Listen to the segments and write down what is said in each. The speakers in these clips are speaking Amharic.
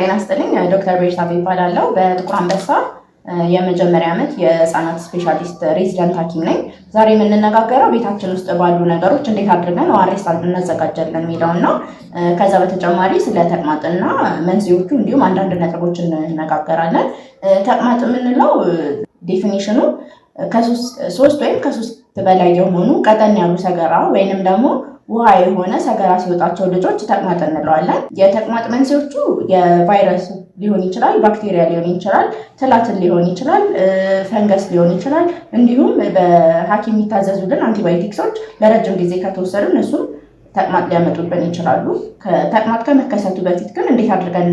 ጤና ይስጥልኝ። ዶክተር ቤርሳቤ ይባላለው በጥቁር አንበሳ የመጀመሪያ ዓመት የህፃናት ስፔሻሊስት ሬዚደንት ሐኪም ነኝ። ዛሬ የምንነጋገረው ቤታችን ውስጥ ባሉ ነገሮች እንዴት አድርገን ዋሬስ እናዘጋጃለን የሚለው እና ከዛ በተጨማሪ ስለ ተቅማጥና መንስኤዎቹ እንዲሁም አንዳንድ ነጥቦች እንነጋገራለን። ተቅማጥ የምንለው ዴፊኒሽኑ ከሶስት ወይም ከሶስት በላይ የሆኑ ቀጠን ያሉ ሰገራ ወይንም ደግሞ ውሃ የሆነ ሰገራ ሲወጣቸው ልጆች ተቅማጥ እንለዋለን። የተቅማጥ መንስኤዎቹ የቫይረስ ሊሆን ይችላል፣ ባክቴሪያ ሊሆን ይችላል፣ ትላትል ሊሆን ይችላል፣ ፈንገስ ሊሆን ይችላል። እንዲሁም በሐኪም የሚታዘዙልን አንቲባዮቲክሶች ለረጅም ጊዜ ከተወሰዱ እነሱም ተቅማጥ ሊያመጡብን ይችላሉ። ተቅማጥ ከመከሰቱ በፊት ግን እንዴት አድርገን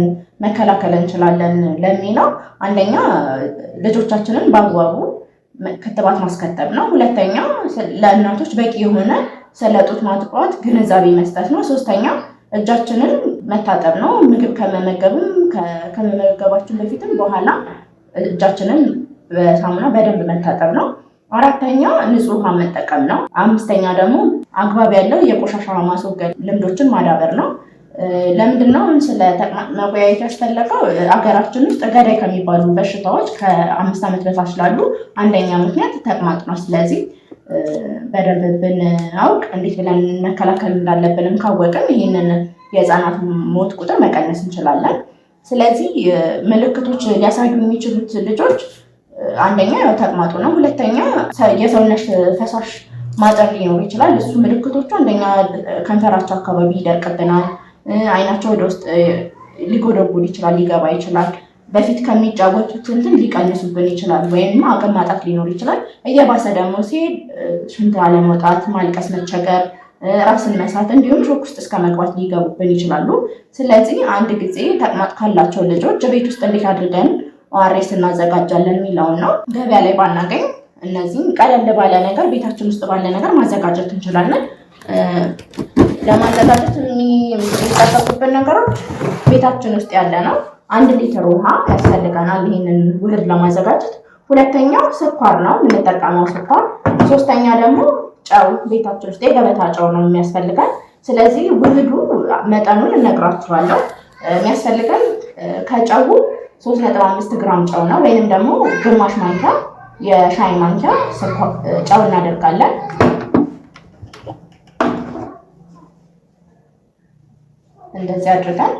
መከላከል እንችላለን ለሚለው አንደኛ ልጆቻችንን በአግባቡ ክትባት ማስከተብ ነው። ሁለተኛው ለእናቶች በቂ የሆነ ስለ ማጥቋት ግንዛቤ መስጠት ነው። ሶስተኛው እጃችንን መታጠብ ነው። ምግብ ከመመገብም ከመመገባችን በፊትም በኋላ እጃችንን በሳሙና በደንብ መታጠብ ነው። አራተኛ ንጹህ ውሃ መጠቀም ነው። አምስተኛ ደግሞ አግባብ ያለው የቆሻሻ ማስወገድ ልምዶችን ማዳበር ነው። ለምንድን ነው ስለ ተቅማጥ መወያየት ያስፈለገው? አገራችን ውስጥ ገዳይ ከሚባሉ በሽታዎች ከአምስት ዓመት በታች ላሉ አንደኛ ምክንያት ተቅማጥ ነው። ስለዚህ በደንብ ብናውቅ እንዴት ብለን መከላከል እንዳለብንም ካወቅም ይህንን የህፃናት ሞት ቁጥር መቀነስ እንችላለን። ስለዚህ ምልክቶች ሊያሳዩ የሚችሉት ልጆች አንደኛ ያው ተቅማጡ ነው። ሁለተኛ የሰውነት ፈሳሽ ማጠር ሊኖር ይችላል። እሱ ምልክቶቹ አንደኛ ከንፈራቸው አካባቢ ይደርቅብናል አይናቸው ወደ ውስጥ ሊጎደጉድ ይችላል፣ ሊገባ ይችላል። በፊት ከሚጫወቱት እንትን ሊቀንሱብን ይችላል፣ ወይም አቅም ማጣት ሊኖር ይችላል። እየባሰ ደግሞ ሲሄድ ሽንት አለመውጣት፣ ማልቀስ፣ መቸገር፣ ራስን መሳት እንዲሁም ሾክ ውስጥ እስከ መግባት ሊገቡብን ይችላሉ። ስለዚህ አንድ ጊዜ ተቅማጥ ካላቸው ልጆች ቤት ውስጥ እንዴት አድርገን ኦአርኤስ እናዘጋጃለን የሚለውን ነው። ገበያ ላይ ባናገኝ እነዚህም ቀለል ባለ ነገር ቤታችን ውስጥ ባለ ነገር ማዘጋጀት እንችላለን። ለማዘጋጀት የሚጠበቁብን ነገሮች ቤታችን ውስጥ ያለ ነው። አንድ ሊትር ውሃ ያስፈልገናል ይህንን ውህድ ለማዘጋጀት። ሁለተኛው ስኳር ነው የምንጠቀመው ስኳር። ሶስተኛ ደግሞ ጨው፣ ቤታችን ውስጥ የገበታ ጨው ነው የሚያስፈልገን። ስለዚህ ውህዱ መጠኑን እነግራችኋለሁ። የሚያስፈልገን ከጨው ሶስት አምስት ግራም ጨው ነው ወይንም ደግሞ ግማሽ ማንኪያ የሻይ ማንኪያ ጨው እናደርጋለን። እንደዚህ አድርገን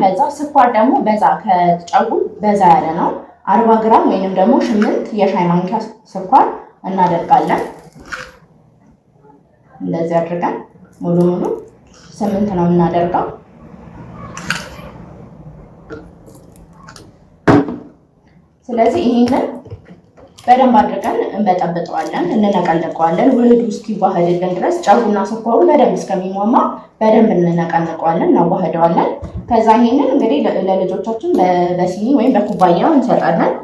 ከዛ ስኳር ደግሞ በዛ ከጨጉ በዛ ያለ ነው። አርባ ግራም ወይንም ደግሞ ስምንት የሻይ ማንኪያ ስኳር እናደርጋለን። እንደዚህ አድርገን ሙሉ ሙሉ ስምንት ነው የምናደርገው። ስለዚህ ይህንን በደንብ አድርገን እንበጠብጠዋለን፣ እንነቀነቀዋለን። ውህዱ እስኪዋህድልን ድረስ ጨውና ስኳሩ በደንብ እስከሚሟማ በደንብ እንነቀነቀዋለን፣ እናዋህደዋለን። ከዛ ይሄንን እንግዲህ ለልጆቻችን በሲኒ ወይም በኩባያ እንሰጣለን።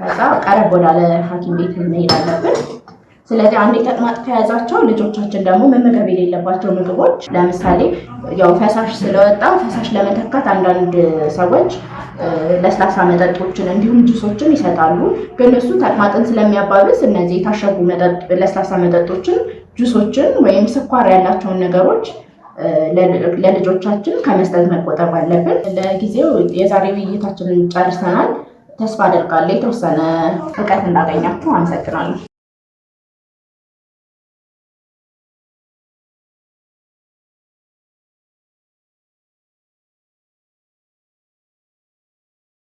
ከዛ ቀረብ ወዳለ ሐኪም ቤት መሄድ አለብን። ስለዚህ አንዴ ተቅማጥ ከያዛቸው ልጆቻችን ደግሞ መመገብ የሌለባቸው ምግቦች ለምሳሌ ያው ፈሳሽ ስለወጣ ፈሳሽ ለመተካት አንዳንድ ሰዎች ለስላሳ መጠጦችን እንዲሁም ጁሶችን ይሰጣሉ። ግን እሱ ተቅማጥን ስለሚያባብስ እነዚህ የታሸጉ ለስላሳ መጠጦችን፣ ጁሶችን ወይም ስኳር ያላቸውን ነገሮች ለልጆቻችን ከመስጠት መቆጠብ አለብን። ለጊዜው የዛሬ ውይይታችንን ጨርሰናል። ተስፋ አደርጋለሁ የተወሰነ እውቀት እንዳገኛችሁ። አመሰግናለሁ።